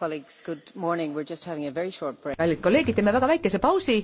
kallid kolleegid teeme väga väikese pausi.